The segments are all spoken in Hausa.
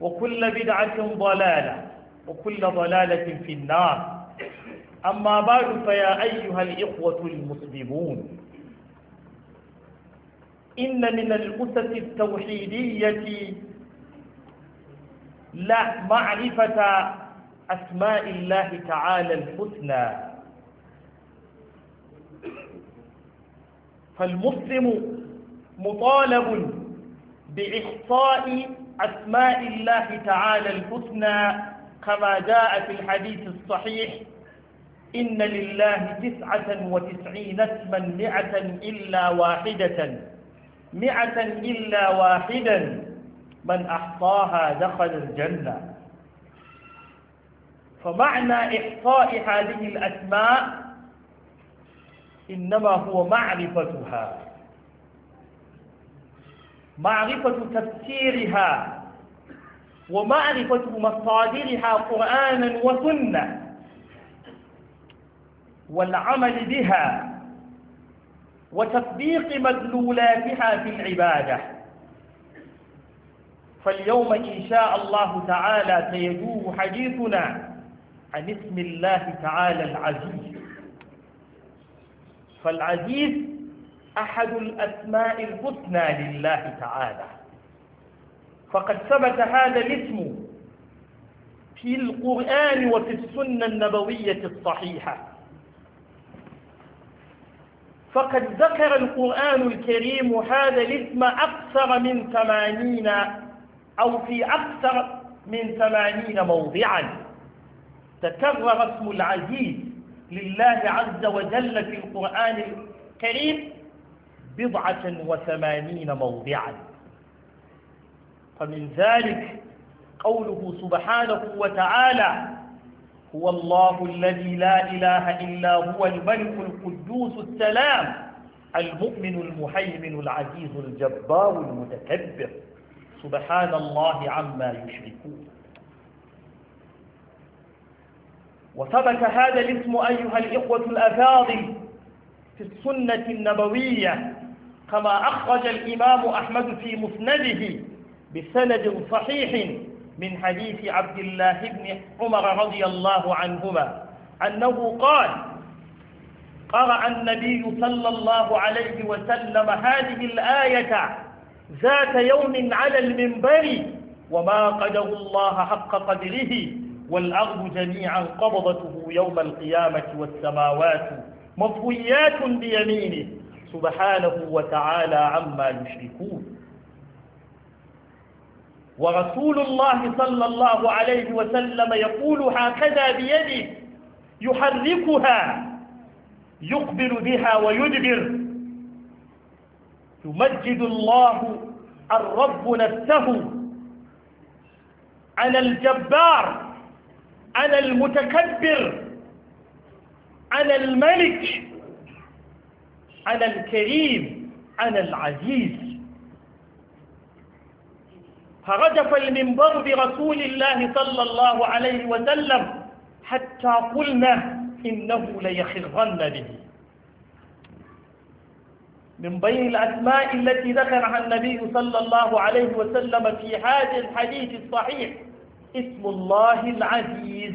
وكل بدعة ضلالة وكل ضلالة في النار أما بعد فيا أيها الإخوة المسلمون إن من الأسس التوحيدية لا معرفة أسماء الله تعالى الحسنى فالمسلم مطالب بإحصاء أسماء الله تعالى الحسنى كما جاء في الحديث الصحيح إن لله تسعة وتسعين اسما مئة إلا واحدة مئة إلا واحدا من أحصاها دخل الجنة فمعنى إحصاء هذه الأسماء إنما هو معرفتها معرفة تفسيرها ومعرفة مصادرها قرآنا وسنة والعمل بها وتطبيق مدلولاتها في العبادة فاليوم إن شاء الله تعالى سيدور حديثنا عن اسم الله تعالى العزيز فالعزيز أحد الأسماء الحسنى لله تعالى فقد ثبت هذا الاسم في القرآن وفي السنة النبوية الصحيحة فقد ذكر القرآن الكريم هذا الاسم أكثر من ثمانين أو في أكثر من ثمانين موضعا تكرر اسم العزيز لله عز وجل في القرآن الكريم بضعة وثمانين موضعا فمن ذلك قوله سبحانه وتعالى هو الله الذي لا إله إلا هو الملك القدوس السلام المؤمن المهيمن العزيز الجبار المتكبر سبحان الله عما يشركون وثبت هذا الاسم أيها الإخوة الأفاضل في السنة النبوية كما أخرج الإمام أحمد في مسنده بسند صحيح من حديث عبد الله بن عمر رضي الله عنهما أنه قال قرأ النبي صلى الله عليه وسلم هذه الآية ذات يوم على المنبر وما قدر الله حق قدره والأرض جميعا قبضته يوم القيامة والسماوات مطويات بيمينه سبحانه وتعالى عما يشركون ورسول الله صلى الله عليه وسلم يقول هكذا بيده يحركها يقبل بها ويدبر يمجد الله الرب نفسه أنا الجبار أنا المتكبر أنا الملك أنا الكريم أنا العزيز فرجف المنبر برسول الله صلى الله عليه وسلم حتى قلنا إنه ليخرن به من بين الأسماء التي ذكرها النبي صلى الله عليه وسلم في هذا الحديث الصحيح اسم الله العزيز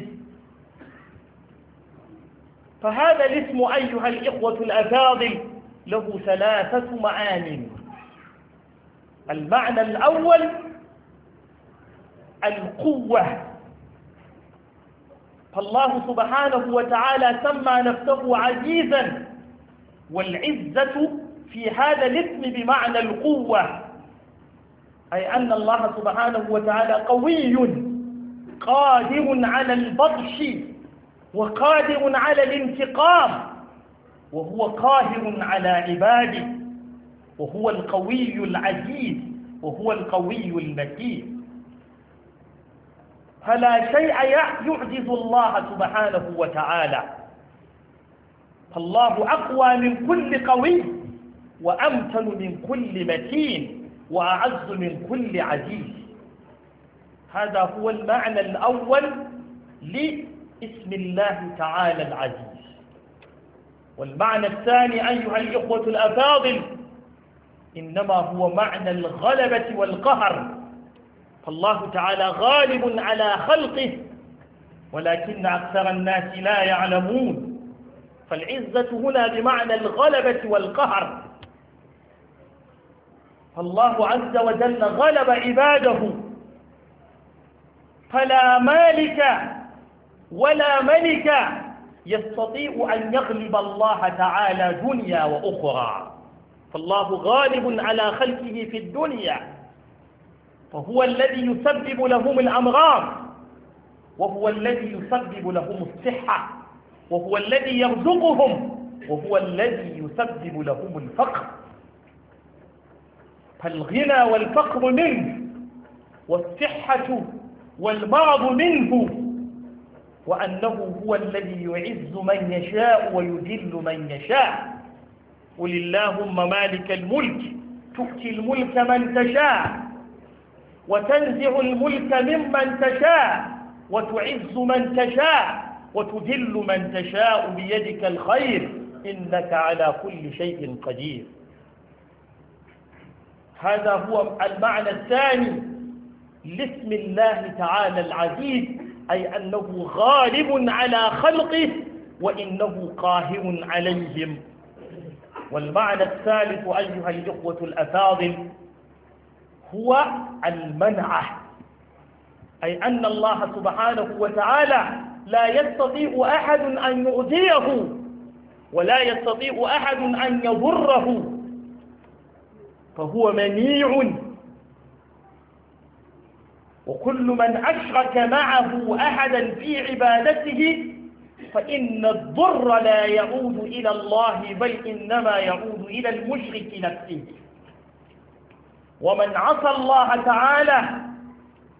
فهذا الاسم أيها الإخوة الأفاضل له ثلاثة معان المعنى الأول القوة فالله سبحانه وتعالى سمى نفسه عزيزا والعزة في هذا الاسم بمعنى القوة أي أن الله سبحانه وتعالى قوي قادر على البطش وقادر على الانتقام وهو قاهر على عباده وهو القوي العزيز وهو القوي المتين فلا شيء يعجز الله سبحانه وتعالى فالله أقوى من كل قوي وأمتن من كل متين وأعز من كل عزيز هذا هو المعنى الأول لاسم الله تعالى العزيز والمعنى الثاني أيها الإخوة الأفاضل إنما هو معنى الغلبة والقهر فالله تعالى غالب على خلقه ولكن أكثر الناس لا يعلمون فالعزة هنا بمعنى الغلبة والقهر فالله عز وجل غلب عباده فلا مالك ولا ملك يستطيع أن يغلب الله تعالى دنيا وأخرى فالله غالب على خلقه في الدنيا فهو الذي يسبب لهم الأمراض وهو الذي يسبب لهم الصحة وهو الذي يرزقهم وهو الذي يسبب لهم الفقر فالغنى والفقر منه والصحة والمرض منه وأنه هو الذي يعز من يشاء ويذل من يشاء قل اللهم مالك الملك تؤتي الملك من تشاء وتنزع الملك ممن تشاء وتعز من تشاء وتذل من تشاء بيدك الخير إنك على كل شيء قدير هذا هو المعنى الثاني لاسم الله تعالى العزيز أي أنه غالب على خلقه وإنه قاهر عليهم والمعنى الثالث أيها الإخوة الأفاضل هو المنعة أي أن الله سبحانه وتعالى لا يستطيع أحد أن يؤذيه ولا يستطيع أحد أن يضره فهو منيع وكل من أشرك معه أحدا في عبادته فإن الضر لا يعود إلى الله بل إنما يعود إلى المشرك نفسه ومن عصى الله تعالى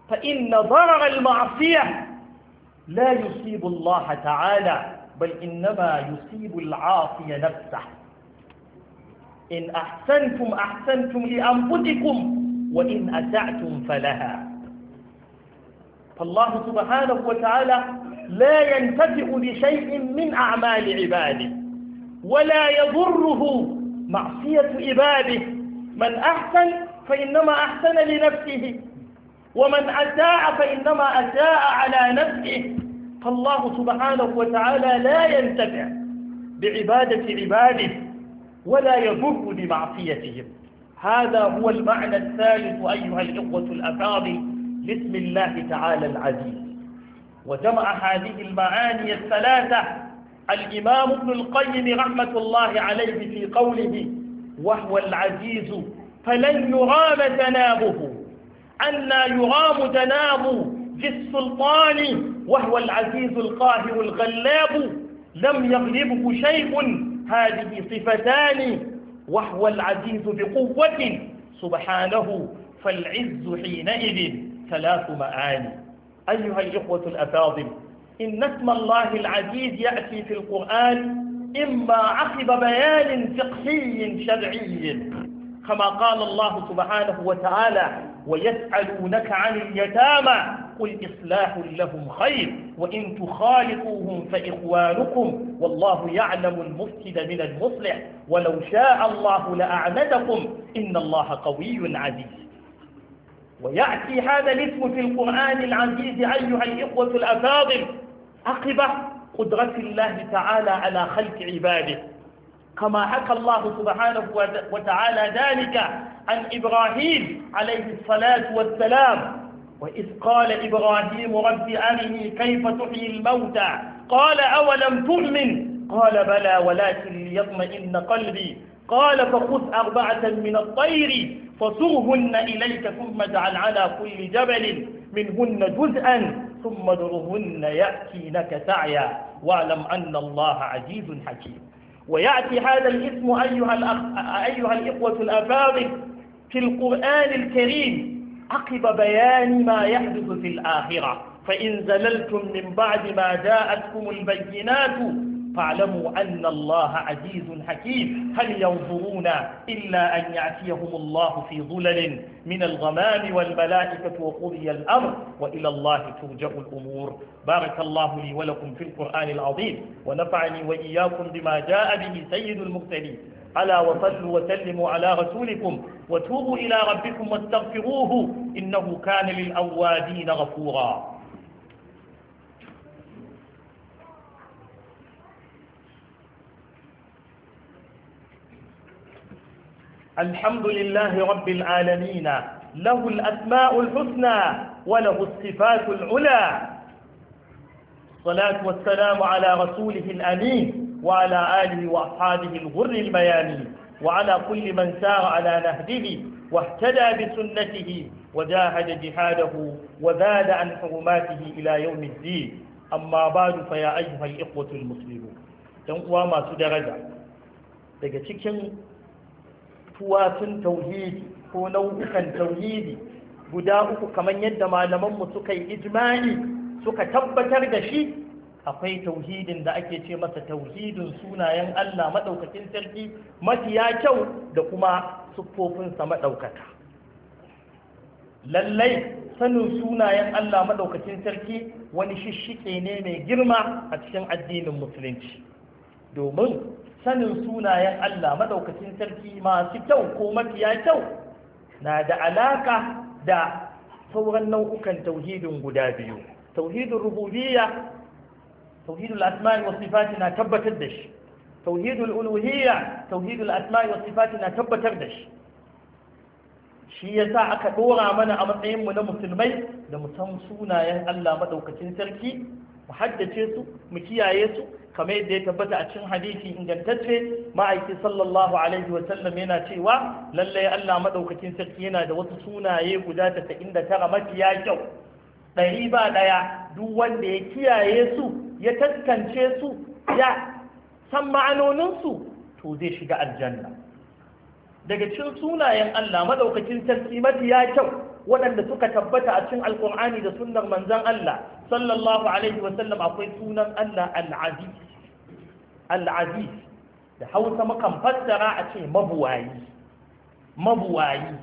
فإن ضرر المعصية لا يصيب الله تعالى بل إنما يصيب العاصي نفسه إن أحسنتم أحسنتم لأنفسكم وإن أسعتم فلها فالله سبحانه وتعالى لا ينتفع بشيء من أعمال عباده ولا يضره معصية عباده من أحسن فإنما أحسن لنفسه ومن أساء فإنما أساء على نفسه فالله سبحانه وتعالى لا ينتفع بعبادة عباده ولا يضر بمعصيتهم هذا هو المعنى الثالث أيها الإخوة الأفاضل بسم الله تعالى العزيز وجمع هذه المعاني الثلاثة الإمام ابن القيم رحمة الله عليه في قوله وهو العزيز فلن يرام تنابه أن يرام تناب السلطان وهو العزيز القاهر الغلاب لم يغلبه شيء هذه صفتان وهو العزيز بقوة سبحانه فالعز حينئذ ثلاث معاني أيها الإخوة الأفاضل إن اسم الله العزيز يأتي في القرآن إما عقب بيان فقهي شرعي كما قال الله سبحانه وتعالى ويسألونك عن اليتامى قل إصلاح لهم خير وإن تخالفوهم فإخوانكم والله يعلم المفسد من المصلح ولو شاء الله لأعمدكم إن الله قوي عزيز ويأتي هذا الاسم في القرآن العزيز أيها الإخوة الأفاضل عقب قدرة الله تعالى على خلق عباده كما حكى الله سبحانه وتعالى ذلك عن إبراهيم عليه الصلاة والسلام وإذ قال إبراهيم رب أرني كيف تحيي الموتى قال أولم تؤمن قال بلى ولكن ليطمئن قلبي قال فخذ أربعة من الطير فصرهن إليك ثم اجعل على كل جبل منهن جزءا ثم يأتي يأتينك سعيا واعلم أن الله عزيز حكيم ويأتي هذا الاسم أيها, الأخ... أيها الإخوة الأفاضل في القرآن الكريم عقب بيان ما يحدث في الآخرة فإن زللتم من بعد ما جاءتكم البينات فاعلموا أن الله عزيز حكيم هل ينظرون إلا أن يعتيهم الله في ظلل من الغمام والملائكة وقضي الأمر وإلى الله ترجع الأمور بارك الله لي ولكم في القرآن العظيم ونفعني وإياكم بما جاء به سيد المرسلين ألا وصلوا وسلموا على رسولكم وتوبوا إلى ربكم واستغفروه إنه كان للأوابين غفورا الحمد لله رب العالمين له الأسماء الحسنى وله الصفات العلى الصلاة والسلام على رسوله الأمين وعلى آله وأصحابه الغر الميامين وعلى كل من سار على نهجه واهتدى بسنته وجاهد جهاده وذاد عن حرماته إلى يوم الدين أما بعد فيا أيها الإخوة المسلمون تنقوى ما سدرجا daga cikin tuwatun tauhidi ko nau'ukan tauhidi guda uku kamar yadda malamanmu suka yi ijmani suka tabbatar da shi akwai tauhidin da ake ce masa tauhidin sunayen Allah maɗaukakin sarki mafiya kyau da kuma siffofinsa maɗaukaka lallai sanin sunayen Allah maɗaukakin sarki wani shishike ne mai girma a cikin addinin musulunci domin sanin sunayen Allah madaukakin sarki masu kyau ko mafiya kyau na da alaka da sauran nau'ukan tauhidin guda biyu tauhidin rububiyya tauhidul asma'i was sifati na tabbatar da shi tauhidul uluhiyya tauhidul asma'i was sifati na tabbatar da shi shi yasa aka dora mana a matsayin mu na musulmai da mu san sunayen Allah madaukakin sarki mu haddace su mu kiyaye su kamar yadda ya tabbata a cikin hadisi ingantacce ma'aiki sallallahu alaihi wa sallam yana cewa lalle Allah madaukakin sarki yana da wasu sunaye guda 99 mafiya kyau ɗari ba ɗaya duk wanda ya kiyaye su ya taskance su ya san ma'anonin to zai shiga aljanna daga cikin sunayen Allah madaukakin sarki mafiya kyau waɗanda suka tabbata a cikin alkur'ani da sunnar manzan Allah sallallahu alaihi sallam, akwai sunan Allah al-aziz al-aziz da hausa makan fassara a ce mabuwayi mabuwayi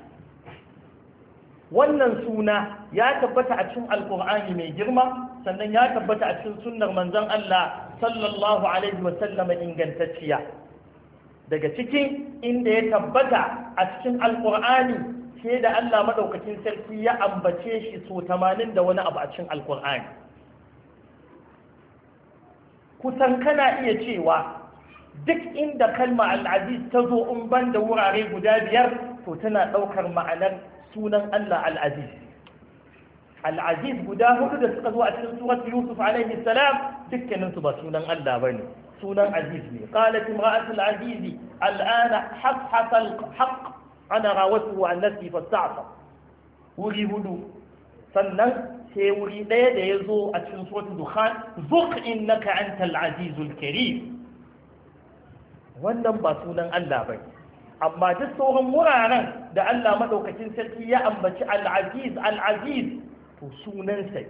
wannan suna ya tabbata a cikin alkur'ani mai girma sannan ya tabbata a cikin sunnar manzan Allah sallallahu alaihi wasallam ingantacciya daga cikin inda ya tabbata a cikin alkur'ani sai da Allah maɗaukacin sarki ya ambace shi so tamanin da wani abu a cikin alkur'ani kusan kana iya cewa duk inda kalma al'aziz ta zo in ban da wurare guda biyar to tana ɗaukar ma'anar sunan Allah al'aziz al'aziz guda hudu da suka zo a cikin surat yusuf alaihi salam dukkaninsu ba sunan Allah ba ne sunan aziz ne qalat imra'atul azizi al'ana haqqa haqq ana rawatu an nafsi fastafa wuri hudu sannan sai wuri ɗaya da ya zo a cikin suratul dukhan zuq innaka antal azizul karim wannan ba sunan Allah bane amma duk sauran wuraren da Allah madaukakin sarki ya ambaci al-aziz al-aziz to sunansa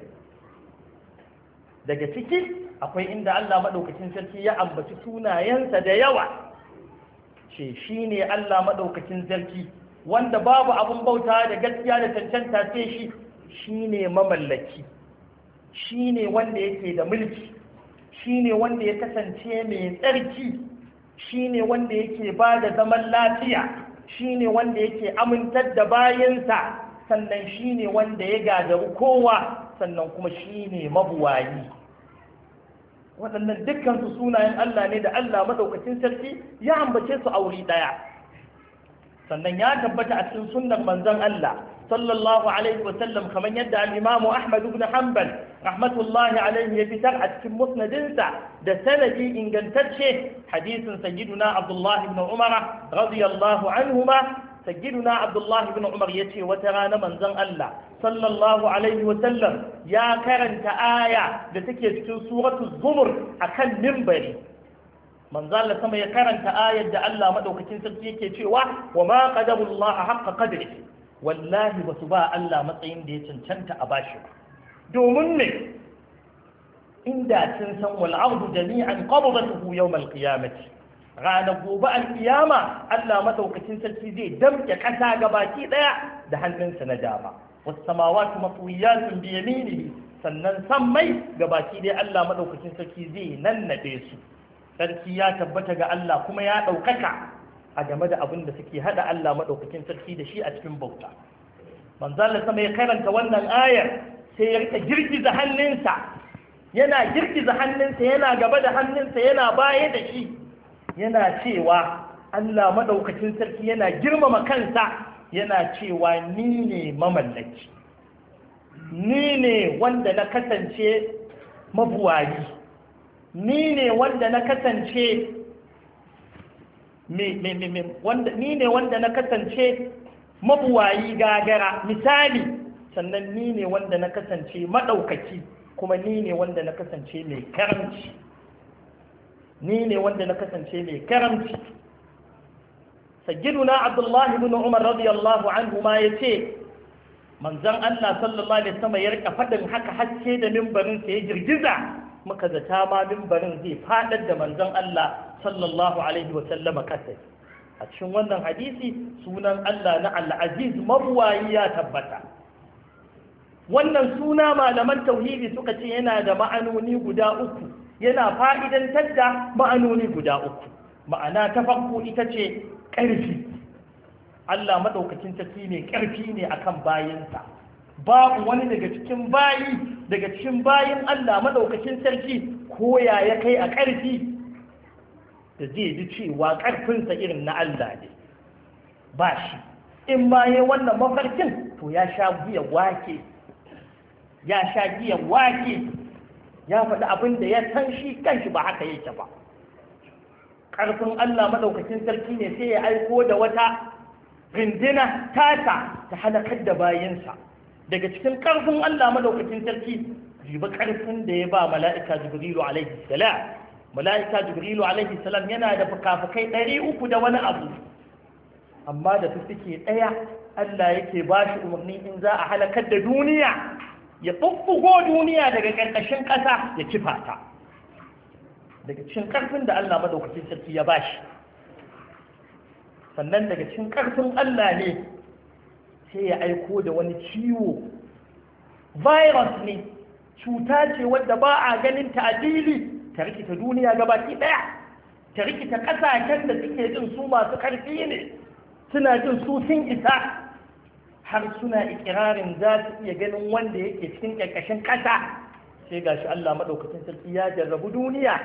daga ciki akwai inda Allah madaukakin sarki ya ambaci sunayensa da yawa ce shi ne Allah maɗaukacin zarki wanda babu abin bauta da gaskiya da cancanta ce shi shi ne mamallaki shi ne wanda yake da mulki shi ne wanda ya kasance mai tsarki shi ne wanda yake ba da zaman lafiya shi ne wanda yake amintar da bayansa sannan shi ne wanda ya gagaru kowa sannan kuma shi ne mabuwayi waɗannan dukkan sunayen Allah ne da Allah madaukakin sarki ya ambace su a wuri daya sannan ya tabbata a cikin sunnan manzon Allah sallallahu alaihi wa sallam kamar yadda al-Imam Ahmad ibn Hanbal rahmatullahi alaihi ya fitar a cikin musnadinsa da sanadi ingantacce hadisin sayyiduna Abdullah ibn Umar radiyallahu anhuma sayyiduna Abdullah ibn Umar yace wata rana manzon Allah sallallahu alaihi wasallam ya karanta aya da take cikin suratul zumur akan mimbari manzo Allah sama ya karanta ayar da Allah madaukakin sarki yake cewa wa ma qadarullaha haqqa qadri wallahi ba su ba Allah matsayin da ya cancanta a bashi ba domin me inda sun san wal ardu jami'an qabdatuhu yawm al qiyamati ranar gobe al qiyama Allah madaukakin sarki zai damke kasa gabaki daya da hannunsa na dama ya مطويات بيمينه sannan san mai baki dai Allah maɗaukacin sarki zai nannaɗe su sarki ya tabbata ga Allah kuma ya ɗaukaka a game da abin da suke haɗa Allah maɗaukacin sarki da shi a cikin bauta manzala sama ya karanta wannan ayar sai ya rika girgiza hannunsa yana girgiza hannunsa yana gaba da hannunsa yana baya da shi yana cewa Allah maɗaukacin sarki yana girmama kansa yana cewa ni ne mamallaki ni ne wanda na kasance mabuwari ni ne wanda na kasance ni ne wanda na kasance mabuwayi gagara misali sannan ni ne wanda na kasance maɗaukaki kuma ni ne wanda na kasance mai karamci ni ne wanda na kasance mai karamci na abdullahi bin umar radiyallahu anhu ma ce manzon Allah sallallahu alaihi sama ya rika fadin haka haske da mimbarin sa ya girgiza muka zata ma mimbarin zai fadar da manzan Allah sallallahu alaihi sallama kasai a cikin wannan hadisi sunan Allah na al mabuwayi ya tabbata wannan suna malaman tauhidi suka ce yana da ma'anoni guda uku yana fa'idantar da ma'anoni guda uku ma'ana ta farko ita ce ƙarfi Allah maɗaukacin sarki ne ƙarfi ne akan bayansa babu wani daga cikin bayi daga cikin bayin Allah maɗaukacin sarki ko ya kai a ƙarfi da zai ji cewa ƙarfinsa irin na Allah ne ba shi in ma ya wannan mafarkin to ya sha biya wake ya sha giyan wake ya faɗi abin da ya san shi kanshi ba haka yake ba ƙarfin Allah maɗaukacin sarki ne sai ya aiko da wata rindina tata ta halakar da bayansa daga cikin ƙarfin Allah maɗaukacin sarki jibi ƙarfin da ya ba mala'ika jibrilu alaihi salam mala'ika jibrilu alaihi salam yana da fukafukai ɗari uku da wani abu amma da fiffike ɗaya Allah yake ba shi umarni in za a halakar da duniya ya fuffugo duniya daga ƙarƙashin ƙasa ya kifa ta daga cikin ƙarfin da Allah madaukakin sarki ya bashi sannan daga cikin ƙarfin Allah ne sai ya aiko da wani ciwo virus ne cuta ce wadda ba a ganin ta adili ta rikita duniya gabaki ɗaya ta rikita ƙasashen da suke jin su masu karfi ne suna jin su sun isa har suna ikirarin za su iya ganin wanda yake cikin ƙarƙashin ƙasa sai gashi Allah maɗaukacin sarki ya jarrabu duniya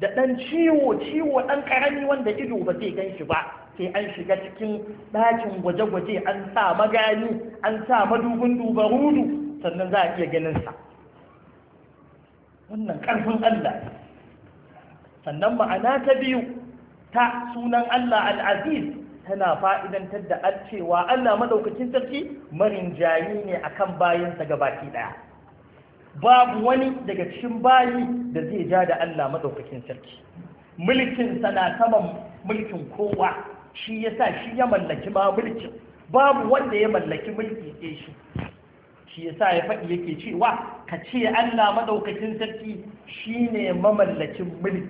da ɗan ciwo ciwo ɗan ƙarami wanda ido ba zai gan shi ba sai an shiga cikin ɗakin gwaje-gwaje an sa magani an sa madubin dubarudu sannan za a iya ganin sa wannan ƙarfin Allah sannan ma'ana ta biyu ta sunan Allah al'aziz tana fa'idantar da cewa Allah maɗaukacin sarki marin jayi ne akan bayansa gabaki ɗaya babu wani daga cikin bayi da zai ja da Allah madaukakin sarki mulkin na saman mulkin kowa shi yasa shi ya mallaki ma mulkin babu wanda ya mallaki mulki ke shi shi yasa ya faɗi yake cewa ka ce Allah madaukakin sarki shine mamallakin mulki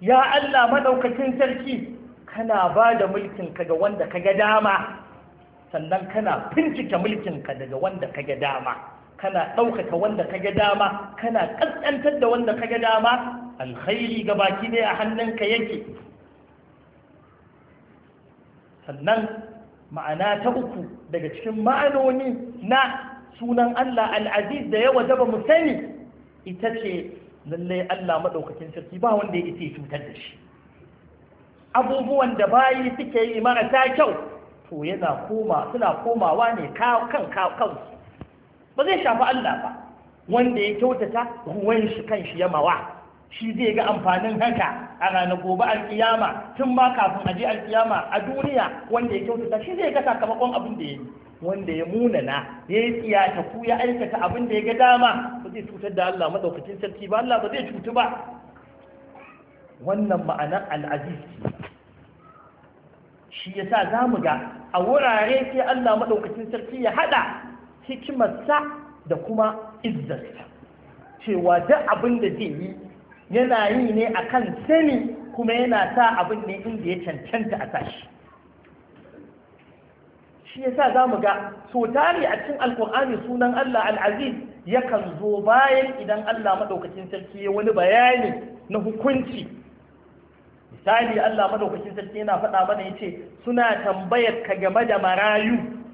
ya Allah maɗaukakin sarki kana ba da mulkin ka ga wanda ka ga dama sannan kana fincike mulkin ka daga wanda ka ga dama kana ɗaukaka wanda ka ga dama kana ƙasƙantar da wanda ka ga dama alkhairi ga baki ɗaya a hannunka yake sannan ma'ana ta uku daga cikin ma'anoni na sunan Allah al'aziz da ya wajaba mu sani ita ce lallai Allah maɗaukakin sarki ba wanda ya ita cutar da shi abubuwan da bayi suke yi marasa kyau to yana koma suna komawa ne kan kansu ba zai shafi Allah ba wanda ya kyautata ruwan shi kan shi ya mawa shi zai ga amfanin haka a ranar gobe alkiyama tun ma kafin aje alkiyama a duniya wanda ya kyautata shi zai ga sakamakon abin da ya yi wanda ya muna na ya yi tsiyata ku ya aikata abin da ya ga dama ba zai cutar da Allah madaukakin sarki ba Allah ba zai cutu ba wannan ma'anar al'aziz shi yasa za mu ga a wurare sai Allah madaukakin sarki ya hada hikimarsa da kuma izzarsa cewa duk abin da zai yi yana yi ne a kan sani kuma yana sa abin ne inda ya cancanta a tashi shi ya sa za mu ga so tari a cikin alkur'ani sunan Allah al'aziz yakan zo bayan idan Allah maɗaukacin sarki ya wani bayani na hukunci misali Allah maɗaukacin sarki yana faɗa mana ya ce suna tambayar ka game da marayu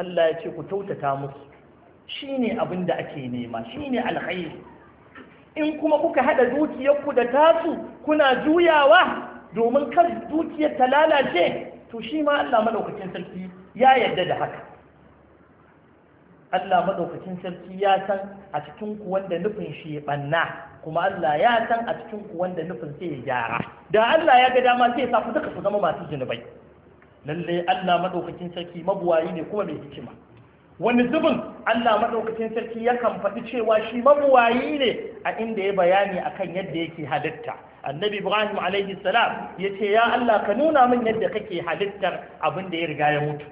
Allah ya ce ku kyautata musu ne abin da ake nema shi ne alkhairi in kuma kuka haɗa dukiyarku da tasu kuna juyawa domin kar dukiyar ta lalace to shi ma Allah madaukakin sarki ya yarda da haka Allah madaukakin sarki ya san a cikin ku wanda nufin shi ya banna kuma Allah ya san a cikin ku wanda nufin sai ya gyara da Allah ya ga dama sai ya sa ku duka ku zama masu zunubai lalle Allah madaukakin sarki mabuwayi ne kuma mai hikima wani zubin Allah madaukakin sarki yakan faɗi cewa shi mabuwayi ne a inda ya bayani akan yadda yake halitta annabi ibrahim alaihi salam ya ce ya Allah ka nuna min yadda kake halittar abin da ya riga ya mutu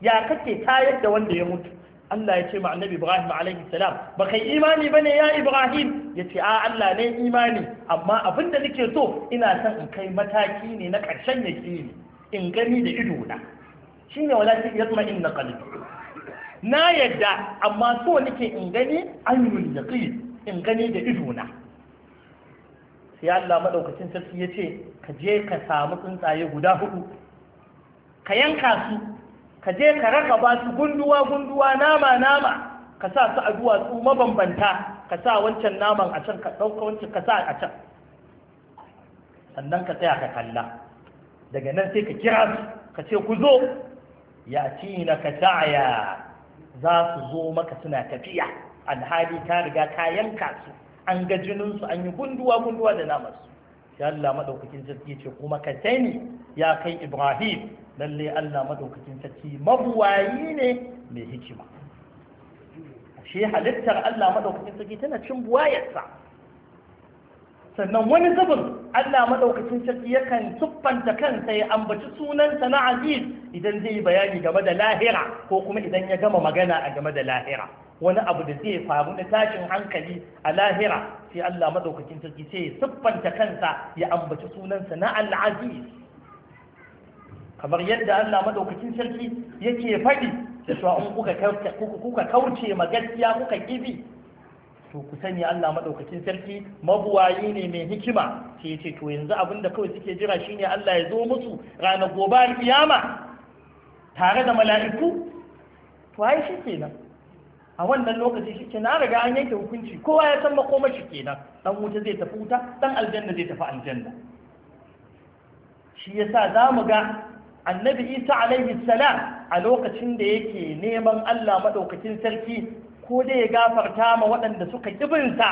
ya kake ta yadda wanda ya mutu Allah ya ce ma annabi Ibrahim alaihi salam ba kai imani ba ne ya Ibrahim ya ce a Allah ne imani amma abin da nake so ina son in kai mataki ne na ƙarshen yaƙini in gani da ido na wala walakin yatma inna in na yadda amma so nake in gani ayyul yaqin in gani da ido na sai Allah madaukakin sarki yace ka je ka samu tsuntsaye guda hudu ka yanka su ka je ka raka ba su gunduwa gunduwa nama nama ka sa su a duwatsu mabambanta ka sa wancan naman a can ka ɗauka wancan ka sa a can sannan ka tsaya ka kalla daga nan sai ka kira su ka ce ku zo ya ci na ka ta'aya za su zo maka suna tafiya alhali ka riga ka yanka su an ga jininsu an yi gunduwa gunduwa da namarsu sai Allah madaukakin sarki ce kuma ka sani ya kai Ibrahim lalle Allah madaukakin sarki mabuwayi ne mai hikima shi halittar Allah madaukakin sarki tana cin buwayarsa sannan wani zubin Allah maɗaukacin sarki yakan tuffanta kansa ya ambaci sunansa na aziz idan zai yi bayani game da lahira ko kuma idan ya gama magana a game da lahira wani abu da zai faru na tashin hankali a lahira sai Allah maɗaukacin sarki sai ya siffanta kansa ya ambaci sunansa na al'aziz kamar yadda Allah maɗaukacin sarki yake faɗi da cewa in kuka kauce ma gaskiya kuka kibi to ku sani Allah maɗaukakin sarki mabuwayi ne mai hikima Ke ce to yanzu abin da kawai suke jira shine Allah ya zo musu ranar gobe alkiyama tare da mala'iku to ai shi kenan a wannan lokaci shi kenan an riga an yanke hukunci kowa ya san makoma shi kenan dan wuta zai tafi wuta dan aljanna zai tafi aljanna shi yasa za mu ga annabi isa alaihi salam a lokacin da yake neman Allah maɗaukakin sarki ko dai ya gafarta ma waɗanda suka kibinsa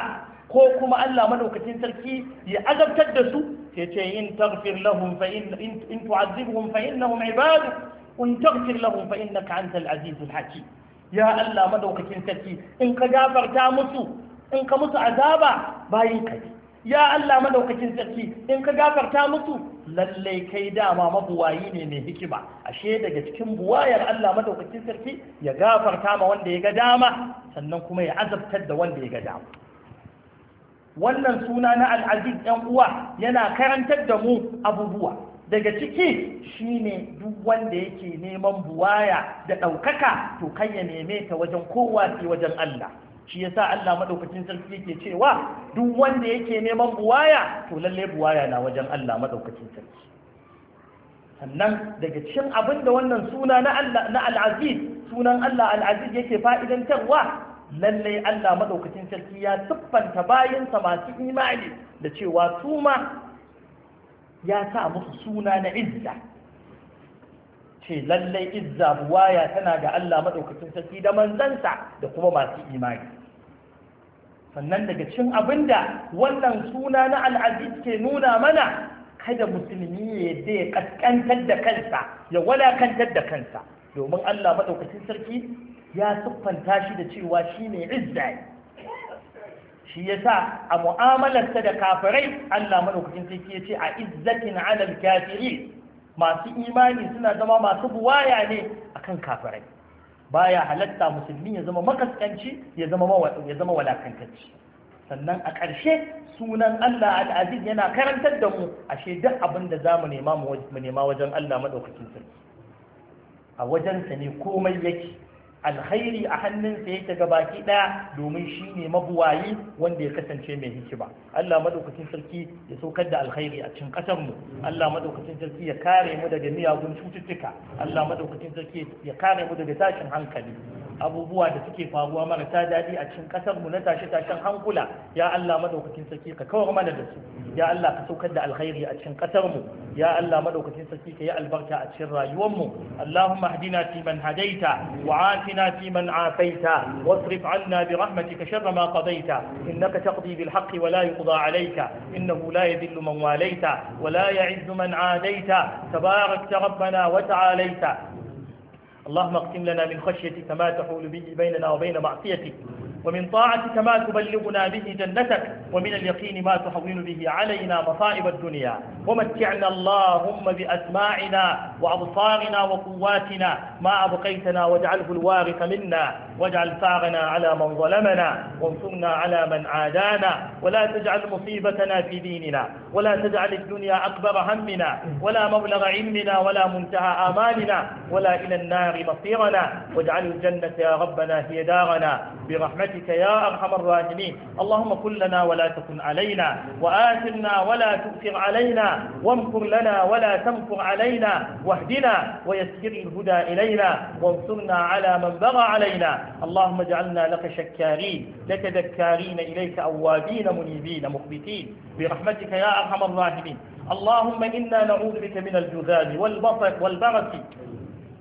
ko kuma Allah madaukakin sarki ya azabtar da su sai ce in taghfir lahum fa in in tu'azzibhum fa innahum ibadu in taghfir lahum fa innaka antal azizul hakim ya Allah madaukakin sarki in ka gafarta musu in ka musu azaba bayin ka ne ya Allah madaukakin sarki in ka gafarta musu lallai kai dama mabuwayi ne mai hikima ashe daga cikin buwayar Allah madaukakin sarki ya gafarta ma wanda ya ga dama sannan kuma ya azabtar da wanda ya ga dama wannan suna na al'aziz 'yan uwa yana karantar da mu abubuwa daga ciki shine duk wanda yake neman buwaya da ɗaukaka to kan ya neme ta wajen kowa wajen Allah shi yasa Allah madaukakin sarki yake cewa duk wanda yake neman buwaya to lalle buwaya na wajen Allah madaukakin sarki sannan daga cikin abin da wannan suna na Allah na al-aziz sunan Allah al-aziz yake fa'idantarwa lalle Allah madaukakin sarki ya siffanta sa masu imani da cewa su ma ya sa musu suna na izza ce lallai izza buwaya tana ga Allah maɗaukacin sarki da manzansa da kuma masu imani sannan daga cin abinda wannan suna na al'aziz ke nuna mana kada musulmi ya yadda ya kaskantar da kansa ya walakantar da kansa domin Allah maɗaukacin sarki ya siffanta shi da cewa shi ne izza shi ya sa a mu'amalarsa da kafirai Allah maɗaukacin sarki ya ce a izzatin alal kafiri masu imani suna zama masu buwaya ne a kan kafirai baya halatta musulmi ya zama makaskanci ya zama ya zama sannan a ƙarshe sunan Allah al-Aziz yana karantar da mu ashe duk abin da za mu nema wajen Allah madaukakin sarki a wajensa ne komai yake alkhairi a hannunsa yake ga baki ɗaya domin shi ne mabuwayi wanda ya kasance mai hikima Allah madaukakin sarki ya saukar da alkhairi a cikin ƙasar mu Allah madaukakin sarki ya kare mu daga miyagun cututtuka Allah madaukakin sarki ya kare mu daga tashin hankali abubuwa da suke faruwa marasa daɗi a cikin ƙasar mu na tashe tashen hankula ya Allah madaukakin sarki ka kawar mana da su ya Allah ka saukar da alkhairi a cikin ƙasar mu ya Allah madaukakin sarki ka yi albarka a cikin rayuwar mu Allahumma hadina fi man hadaita wa afina fi man afaita wasrif anna bi rahmatika sharra ma qadaita innaka taqdi bil haqqi wa la yuqda alayka innahu la yadhillu man walaita wa la ya'izzu man adaita tabarakta rabbana wa ta'alaita اللهم اقسم لنا من خشيتك ما تحول به بيننا وبين معصيتك ومن طاعتك ما تبلغنا به جنتك ومن اليقين ما تحول به علينا مصائب الدنيا ومتعنا اللهم بأسماعنا وأبصارنا وقواتنا ما أبقيتنا واجعله الوارث منا واجعل ثارنا على من ظلمنا وانصرنا على من عادانا ولا تجعل مصيبتنا في ديننا ولا تجعل الدنيا أكبر همنا ولا مبلغ علمنا ولا منتهى آمالنا ولا إلى النار مصيرنا واجعل الجنة يا ربنا هي دارنا برحمتك يا أرحم الراحمين اللهم كن لنا ولا تكن علينا وآثرنا ولا تؤثر علينا وامكر لنا ولا تمكر علينا واهدنا ويسر الهدى إلينا وانصرنا على من بغى علينا اللهم اجعلنا لك شكارين لك ذكارين إليك أوابين منيبين مخبتين برحمتك يا أرحم الراحمين اللهم إنا نعوذ بك من الجذام والبطر والبرس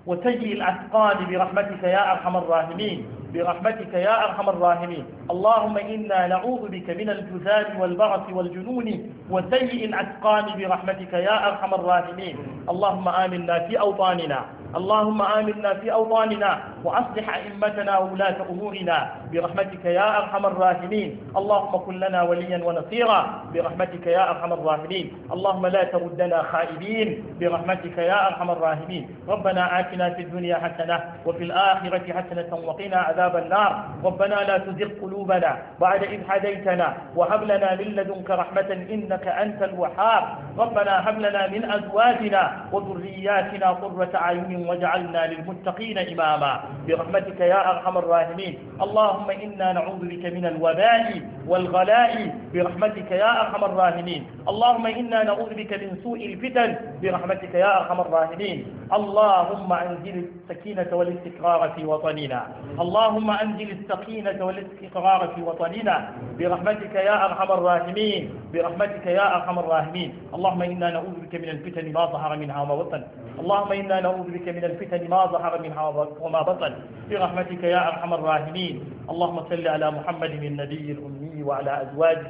وتجي الأثقال برحمتك يا أرحم الراحمين برحمتك يا أرحم الراحمين اللهم إنا نعوذ بك من الجذاب والبرص والجنون وسيء الأتقان برحمتك يا أرحم الراحمين اللهم آمنا في أوطاننا اللهم آمنا في أوطاننا وأصلح أئمتنا وولاة أمورنا برحمتك يا أرحم الراحمين اللهم كن لنا وليا ونصيرا برحمتك يا أرحم الراحمين اللهم لا تردنا خائبين برحمتك يا أرحم الراحمين ربنا آتنا في الدنيا حسنة وفي الآخرة حسنة وقنا عذاب النار ربنا لا تزغ قلوبنا بعد إذ هديتنا وهب لنا من لدنك رحمة إنك أنت الوهاب ربنا هب لنا من أزواجنا وذرياتنا قرة أعين واجعلنا للمتقين إماما برحمتك يا أرحم الراحمين اللهم إنا نعوذ بك من الوباء والغلاء برحمتك يا أرحم الراحمين اللهم إنا نعوذ بك من سوء الفتن برحمتك يا أرحم الراحمين اللهم أنزل السكينة والاستقرار في وطننا اللهم أنزل السكينة والاستقرار في وطننا برحمتك يا أرحم الراحمين برحمتك يا أرحم الراحمين اللهم إنا نعوذ بك من الفتن ما ظهر منها وما بطن اللهم إنا نعوذ بك من الفتن ما ظهر منها وما بطن برحمتك يا أرحم الراحمين اللهم صل على محمد النبي الأمي وعلى أزواجه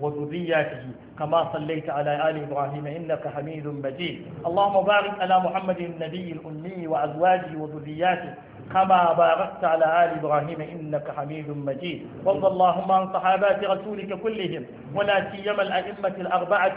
وذرياته كما صليت على آل إبراهيم إنك حميد مجيد اللهم بارك على محمد النبي الأمي وأزواجه وذرياته كما باركت على آل إبراهيم إنك حميد مجيد وارض اللهم عن صحابات رسولك كلهم ولا سيما الأئمة الأربعة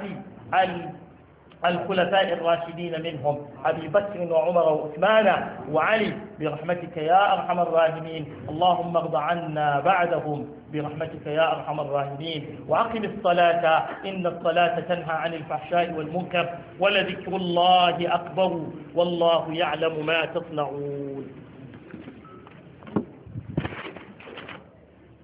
الخلفاء الراشدين منهم أبي بكر وعمر وعثمان وعلي برحمتك يا أرحم الراحمين اللهم اغض عنا بعدهم برحمتك يا أرحم الراحمين وأقم الصلاة إن الصلاة تنهى عن الفحشاء والمنكر ولذكر الله أكبر والله يعلم ما تصنعون